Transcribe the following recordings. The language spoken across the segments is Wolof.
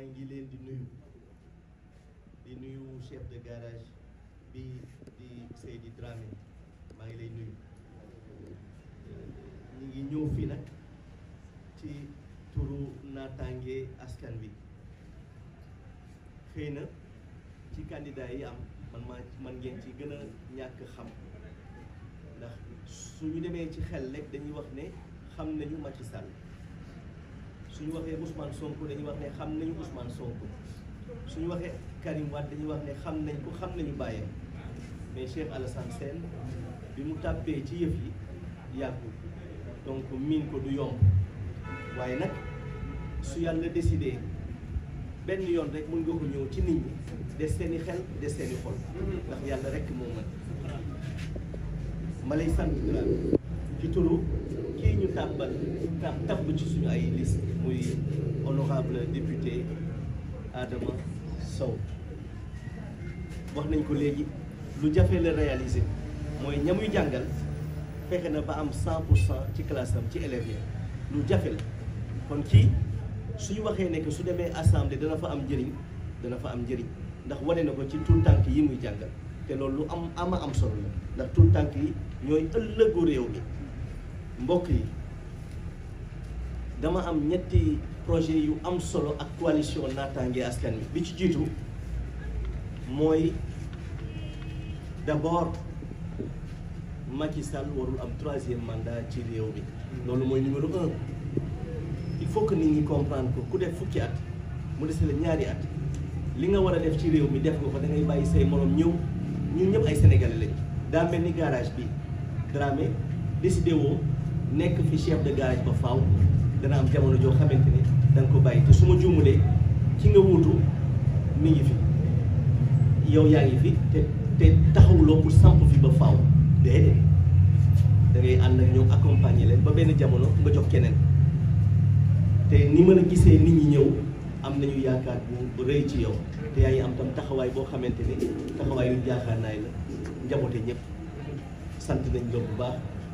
maa ngi leen di nuyu di nuyu chef de garage bi di Seydi Dramé maa ngi lay nuyu ñu ngi ñëw fii nag ci turu naataange askan wi xëy na ci candidat yi am man maa man ngeen ci gën a ñàkk xam ndax suñu demee ci xel rek dañuy wax ne xam nañu Macky sàll suñu waxee Ousmane Sonko dañuy wax ne xam nañu Ousmane Sonko suñu waxee Karim Wade dañuy wax ne xam nañ ko xam nañu bàyyee mais Cheikh Alassane Sène bi mu tàppee ci yëf yi yàggul donc miin ko du yomb waaye nag su yàlla décidé benn yoon rek mën nga ko ñëw ci nit ñi des seeni xel des seeni xol ndax yàlla rek moom mën ma lay sant ci turu ñu tàbbal tàbb ci suñu ay liste muy honorable député Adama Sow wax nañ ko léegi lu jafe la réaliser mooy ñamuy jàngal fexe na ba am 100 pour cent ci classe am ci élèves yi lu jafe la kon kii suñu waxee nekk su demee assemblée dana fa am njëriñ dana fa am njëriñ ndax wane na ko ci tout yi muy jàngal te loolu lu am ama am solo la ndax tout tànk yi ñooy ëllëgu réew mi mbokk yi dama am ñetti projet yu am solo ak coalition naataange askan wi bi ci jiitu mooy d'abord Macky Sall warul am troisième mandat ci réew mi loolu mooy numéro un il faut que nit ñi comprendre ko ku def fukki at mu dese la ñaari at li nga war a def ci réew mi def nga ko dangay bàyyi say moroom ñëw ñu ñëpp ay sénégalais lañ daa mel ni garage bi Dramé décidé nekk fi chef de garage ba faw dana am jamono joo xamante ni da nga ko bàyyi te su ma juumalee ci nga wuutu mi ngi fi yow yaa ngi fi te te taxawuloo pour samp fi ba faw déedéet da ngay ànd ak ñoom accompagner leen ba benn jamono nga jox keneen te ni mën a gisee nit ñi ñëw am nañu yaakaar bu rëy ci yow te yaa ngi am tam taxawaay boo xamante ni taxawaay yu jaaxaanaay la njaboote ñëpp sant nañ la bu baax.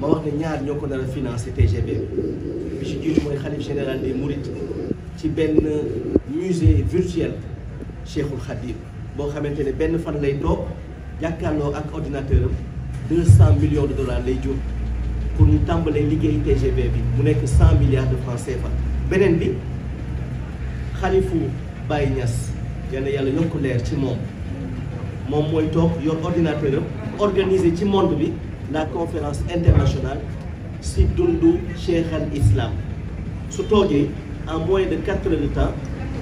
ma wax ne ñaar ñoo ko nar a financé TGV bi ci jiitu mooy xalif général des Mourides ci benn musée virtuel Cheikhul Khadim boo xamante ne benn fan lay toog jàkkaarloo ak ordinateur am deux cent millions de dollars lay jur pour ñu tàmbalee liggéey TGV bi mu nekk cent milliards de francs CFA beneen bi xalifu Baye Niass yàlla yàlla yokk leer ci moom moom mooy toog yor ordinateur am organiser ci monde bi la conférence internationale si dundu Cheikh al Islam su toogee en moins de quatre heures de temps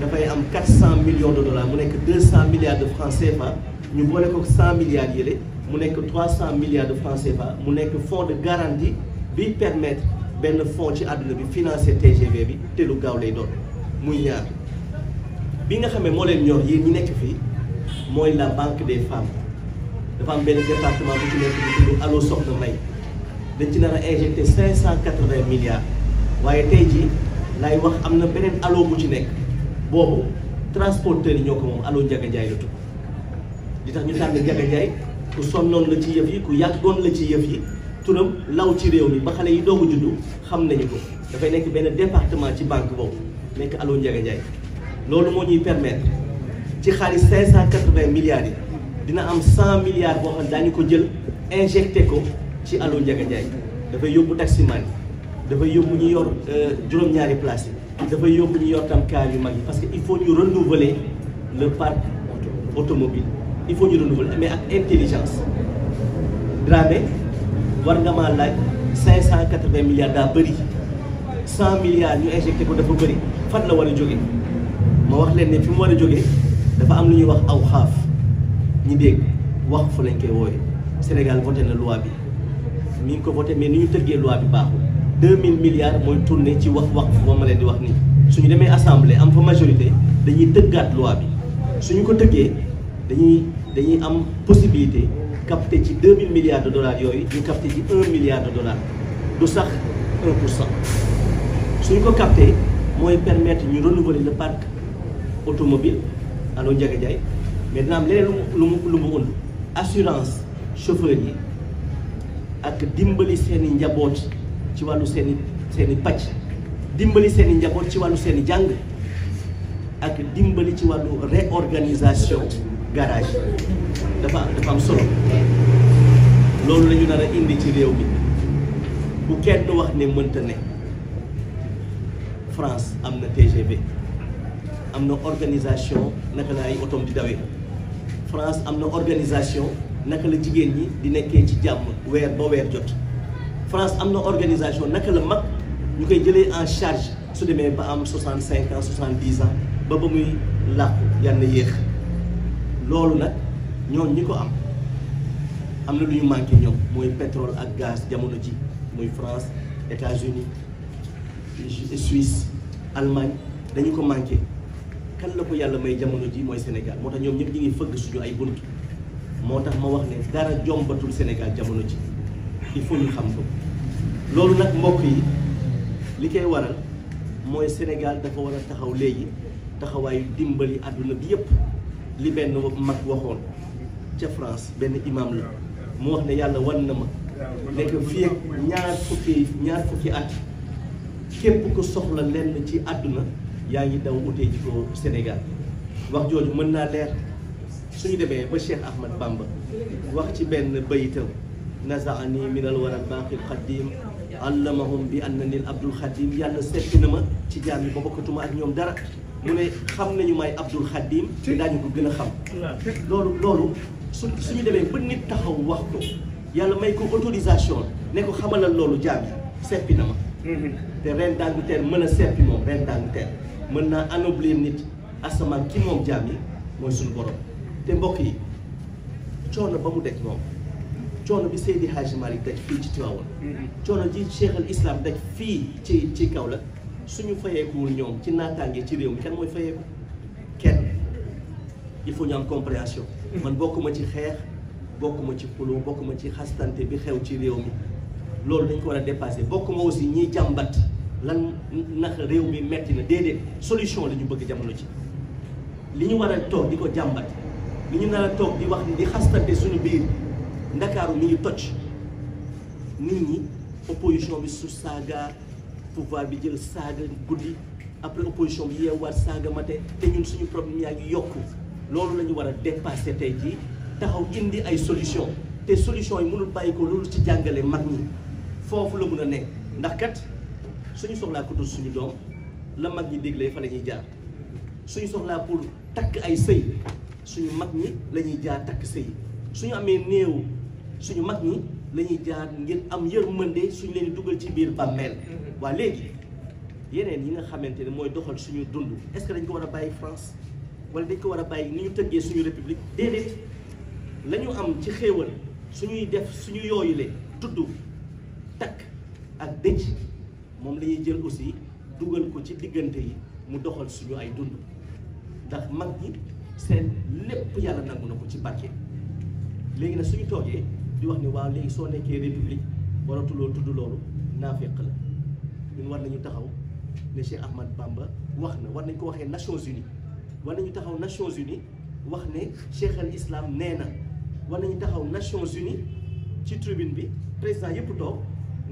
dafay am quatre cent millions de dollars mu nekk deux cent milliards de francs CFA ñu boole ko cent milliards yële mu nekk trois cent milliards de francs CFA mu nekk fonds de garantie bi permettre benn fonds ci àdduna bi financer TGV bi te lu gaaw lay doon muy ñaar bi nga xamee moo leen ñor yi ñu nekk fii mooy la banque des femmes. dafa am benn département bu ci nekk bu tudd Allo Soxna May dañ ci nar a cinq cent quatre-vingts milliards waaye tey ji lay wax am na beneen allo bu ci nekk boobu transporteurs yi ñoo ko moom allo Njaga Njaay la tudd li tax ñu tànn Njaga Njaay ku sonnoon la ci yëf yi ku yàggoon la ci yëf yi turam law ci réew mi ba xale yi doog a xam nañu ko dafay nekk benn département ci banque boobu nekk allo Njaga Njaay loolu moo ñuy permettre ci xaalis cinq cent quatre yi dina am cent milliards boo xam ne daañu ko jël injecté ko ci àllu Ndiaga Ndiaye dafay yóbbu taximan yi dafay yóbbu ñu yor euh, juróom-ñaari place yi dafay yóbbu ñu yor tam kaar yu mag yi parce que il faut ñu renouveler le parc automobile il faut ñu renouveler mais ak intelligence Dramé war nga maa laaj cinq cent quatre-vingts milliards daa bëri cent milliards ñu injecté ko dafa bëri fan la war a jóge ma wax leen ne fi mu war a jógee dafa am lu ñuy wax aw xaaf ñi dégg wax fu lañ koy wooyee Sénégal voté na loi bi mi ngi ko voté mais ni ñu tëggee loi bi baaxul deux mille milliards mooy tourné ci wax wax moom ma leen di wax nii suñu demee assemblée am fa majorité dañuy tëggaat loi bi su ñu ko tëggee dañuy dañuy am possibilité capté ci deux mille milliards de dollars yooyu ñu capté ci un milliard de dollars du sax un pour cent suñu ko capté mooy permettre ñu renouveler le parc automobile allo Ndiaga Ndiaye mais dina am leneen lu mu lu mu und assurance chauffeur yi ak dimbali seeni njaboot ci wàllu seeni i pàcc dimbali seeni i njaboot ci wàllu seen i jàng ak dimbali ci wàllu réorganisation garage dafa am solo loolu lañu nana indi ci réew mi bu kenn wax ne mënta ne France am na TGV am na organisation naka la ay otom di dawee France am na organisation naka la jigéen ñi di nekkee ci jàmm weer ba weer jot France am na organisation naka la mag ñu koy jëlee en charge su demee ba am 65 ans 70 ans ba ba muy làqu yàlla yéex loolu nag ñoom ñi ko am am na lu ñu manqué ñoom mooy pétrole ak gaz jamono ji mooy France États-Unis Suisse Allemagne dañu ko manqué kan la ko yàlla may jamono ji mooy Sénégal moo tax ñoom ñëpp ñu ngi fëgg suñu ay bunt moo tax ma wax ne dara jombatul Sénégal jamono ji il faut ñu xam ko loolu nag mbokk yi li koy waral mooy Sénégal dafa war a taxaw léegi taxawaayu dimbali àdduna bi yépp li benn mag waxoon ca France benn imam la mu wax ne yàlla wan na ma nekk fii ak ñaar fukki ñaar fukki at képp ko soxla lenn ci àdduna yaa ngi daw utee ji ko Sénégal wax jooju mën naa leer suñu demee ba Cheikh Ahmad Bamba wax ci benn bayitam nazaani min al waral baaqil qadim allamahum bi anna nil abdul xadim yàlla seppi na ma ci jaar bi ba bokkatuma ak ñoom dara mu ne xam nañu may abdul xadim te daañu ko gën a xam loolu loolu su suñu demee ba nit taxaw wax ko yàlla may ko autorisation ne ko xamalal loolu jaar bi seppi na ma mm-hmm. te reine d'Angleterre mën a seppi moom reine d'Angleterre mën naa anoblir nit asamaan ki moom jaam yi mooy suñu borom te mbokk yi coono ba mu daj moom coono bi Seydi Hadji Malick daj fii ci Tivaouane coono ji Cheikh al Islam daj fii ci ci kaw Kaolack suñu fayeekuwul ñoom ci naataange ci réew mi kan mooy fayeeku kenn il faut ñu am compréhension man bokkuma ci xeex bokkuma ci xuloo bokkuma ci xastante bi xew ci réew mi loolu dañ ko war a dépassé bokkuma aussi ñiy jàmbat lan ndax réew mi metti na déedéet solution la ñu bëgg jamono ci li ñu war a toog di ko jàmbat li ñu nar a toog di wax di xastante suñu biir ndakaaru mi ngi toj nit ñi opposition bi su saaga pouvoir bi jël saaga guddi après opposition bi yeewaat saaga mate te ñun suñu problème yaa ngi yokku loolu la ñu war a dépasser tey jii taxaw indi ay solution te solution yi mënul bàyyi ko loolu ci jàngale mag ñi foofu la mun a nekk ndax kat suñu soxlaa kutus suñu doom la mag ñi déglee fa ñuy jaar suñu soxlaa pour takk ay sëy suñu mag ñi la ñuy jaar takk sëy suñu amee néew suñu mag ñi la ñuy jaar ngir am mën yërmande suñu leen di dugal ci biir bàmmeel waa léegi yeneen yi nga xamante ne mooy doxal suñu dund est-ce que dañ ko war a bàyyi France wala dañ ko war a bàyyi ni ñu tëggee suñu république déedéet la ñu am ci xéewal suñuy def suñu yooyule tudd takk ak dëj moom lañuy ñuy jël aussi dugal ko ci diggante yi mu doxal suñu ay dund ndax mag ñi seen lépp yàlla nangu na ko ci barke léegi nag suñu toogee di wax ni waaw léegi soo nekkee république waratuloo tudd loolu naafeq la ñun war nañu taxaw ne Cheikh Ahmad Bamba wax na war nañ ko waxee Nations Unies war nañu taxaw Nations Unies wax ne Cheikh al Islam nee na war nañu taxaw Nations Unies ci tribune bi président yëpp toog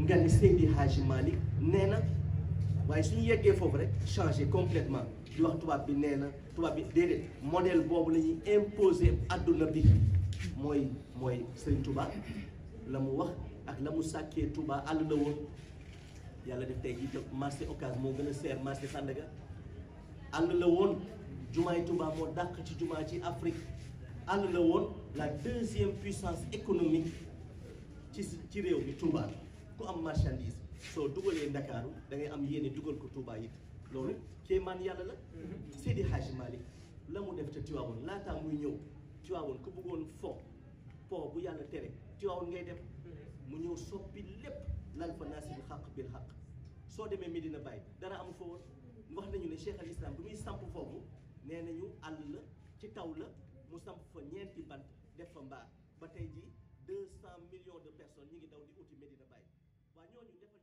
nga ne Seydi Hadji Malick nee na waaye suñu yeggee foofu rek changé complètement li wax tubaab bi nee na tubaab bi déedéet modèle boobu la ñuy imposer bi mooy mooy Serigne Touba la mu wax ak la mu sàkkee Touba àll la woon yàlla def tey jii marché Ocass moo gën a seer marché Sandaga àll la woon jumaay Touba moo dàq ci jumaa ci Afrique àll la woon la deuxième puissance économique ci ci réew mi Touba ku am marchandise. soo dugalee Ndakaaru da am yéene dugal ko Touba it loolu kéemaan yàlla la mhm. Seydi Hadji Malick la mu def te Tiwaawoon laataa muy ñëw Tiwaawoon ku bëggoon fo po bu yàlla tere Tiwaawoon ngay dem mhm. mu ñëw soppi lépp lal fa naasib xaq bil xaq soo demee Medina Baye dara amu fa woon wax nañu ne Cheikh al Islam bi muy samp foofu nee nañu àll la ci taw la mu samp fa ñeenti bant def fa mbaar ba tey ji deux cent millions de personnes ñu ngi daw di uti Medina Baye waa